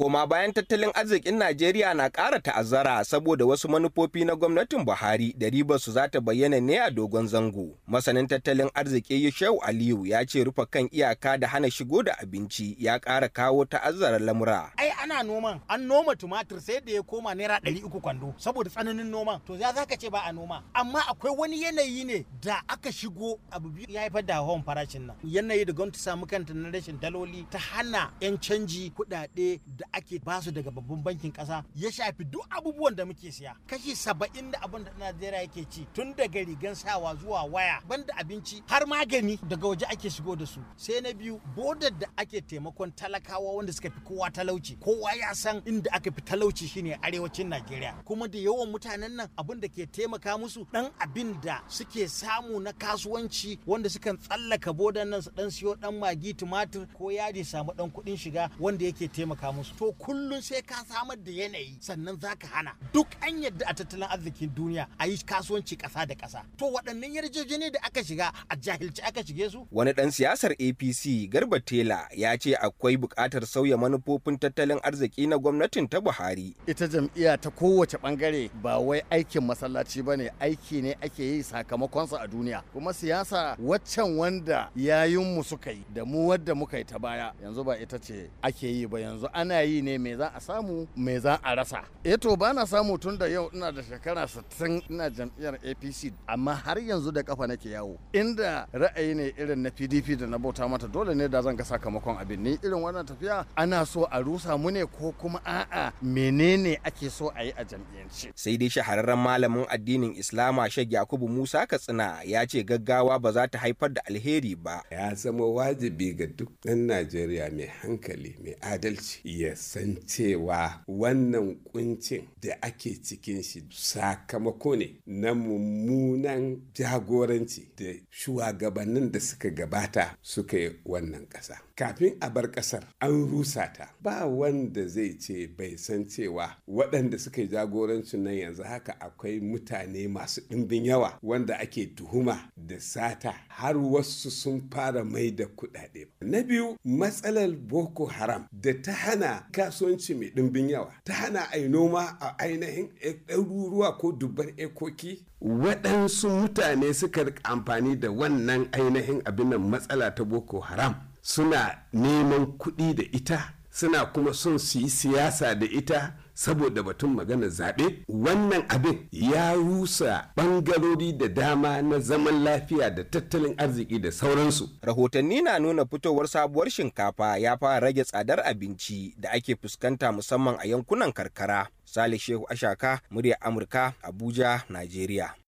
koma bayan tattalin arzikin Najeriya na ƙara ta'azzara saboda wasu manufofi na gwamnatin Buhari da ribar su za ta bayyana ne a dogon zango. Masanin tattalin arziki Yashau Aliyu ya ce rufe kan iyaka da hana shigo da abinci ya ƙara kawo ta'azzara lamura. Ai ana noman, an noma tumatir sai da ya koma naira ɗari uku kwando saboda tsananin noman. To ya za ka ce ba a noma. Amma akwai wani yanayi ne da aka shigo abu biyu ya haifar da hawan farashin nan. Yanayi da gwamnati samu kanta na rashin daloli ta hana 'yan canji kuɗaɗe da ake ba su daga babban bankin kasa ya shafi duk abubuwan da muke siya kashi saba'in da abin da najeriya yake ci tun daga rigan sawa zuwa waya banda abinci har magani daga waje ake shigo da su sai na biyu bodar da ake taimakon talakawa wanda suka fi kowa talauci kowa ya san inda aka fi talauci shine arewacin najeriya kuma da yawan mutanen nan abin da ke taimaka musu dan abin da suke samu na kasuwanci wanda sukan tsallaka bodar nan su dan siyo dan magi tumatir ko yadi samu dan kuɗin shiga wanda yake taimaka musu to kullum sai ka samar da yanayi sannan za ka hana duk an yadda a tattalin arzikin duniya a yi kasuwanci ƙasa da ƙasa to waɗannan yarjejeni da aka shiga a jahilci aka shige su wani ɗan siyasar apc garba tela ya ce akwai buƙatar sauya manufofin tattalin arziki na gwamnatin ta buhari ita jam'iyya ta kowace ɓangare ba wai aikin masallaci ba ne aiki ne ake yi sakamakonsa a duniya kuma siyasa waccan wanda yayin mu suka yi da mu wadda muka yi ta baya yanzu ba ita ce ake yi ba yanzu ana yi ne me za a samu me za a rasa eh to ba na samu tun da yau ina da shekara 60 ina jam'iyyar APC amma har yanzu da kafa nake yawo inda ra'ayi ne irin na PDP da na bauta mata dole ne da zan ga sakamakon abin ni irin wannan tafiya ana so a rusa mu ne ko kuma a'a menene ake so a yi a jam'iyyance sai dai shahararren malamin addinin Islama Sheikh Yakubu Musa Katsina ya ce gaggawa ba za ta haifar da alheri ba ya zama wajibi ga duk ɗan Najeriya mai hankali mai adalci ya ya san cewa wannan kuncin da ake cikin shi sakamako ne na mummunan jagoranci da shugabannin da suka gabata suka yi wannan ƙasa. Kafin a bar ƙasar an rusa ta ba wanda zai ce bai san cewa waɗanda suka yi jagoranci nan yanzu haka akwai mutane masu ɗimbin yawa wanda ake tuhuma da sata har wasu sun fara mai da kuɗaɗe. Na biyu matsalar Boko Haram da ta hana kasuwanci mai ɗimbin yawa ta hana a noma a ainihin ɗaruruwa ko dubban ekoki waɗansu mutane suka amfani da wannan ainihin abin matsala ta boko haram suna neman kuɗi da ita suna kuma son su yi siyasa da ita saboda batun magana zaɓe wannan abin ya rusa ɓangarori da dama na zaman lafiya da tattalin arziki da sauransu. Rahotanni na nuna fitowar sabuwar shinkafa ya fara rage tsadar abinci da ake fuskanta musamman a yankunan karkara. Salih Shehu Ashaka, murya Amurka, Abuja, Najeriya.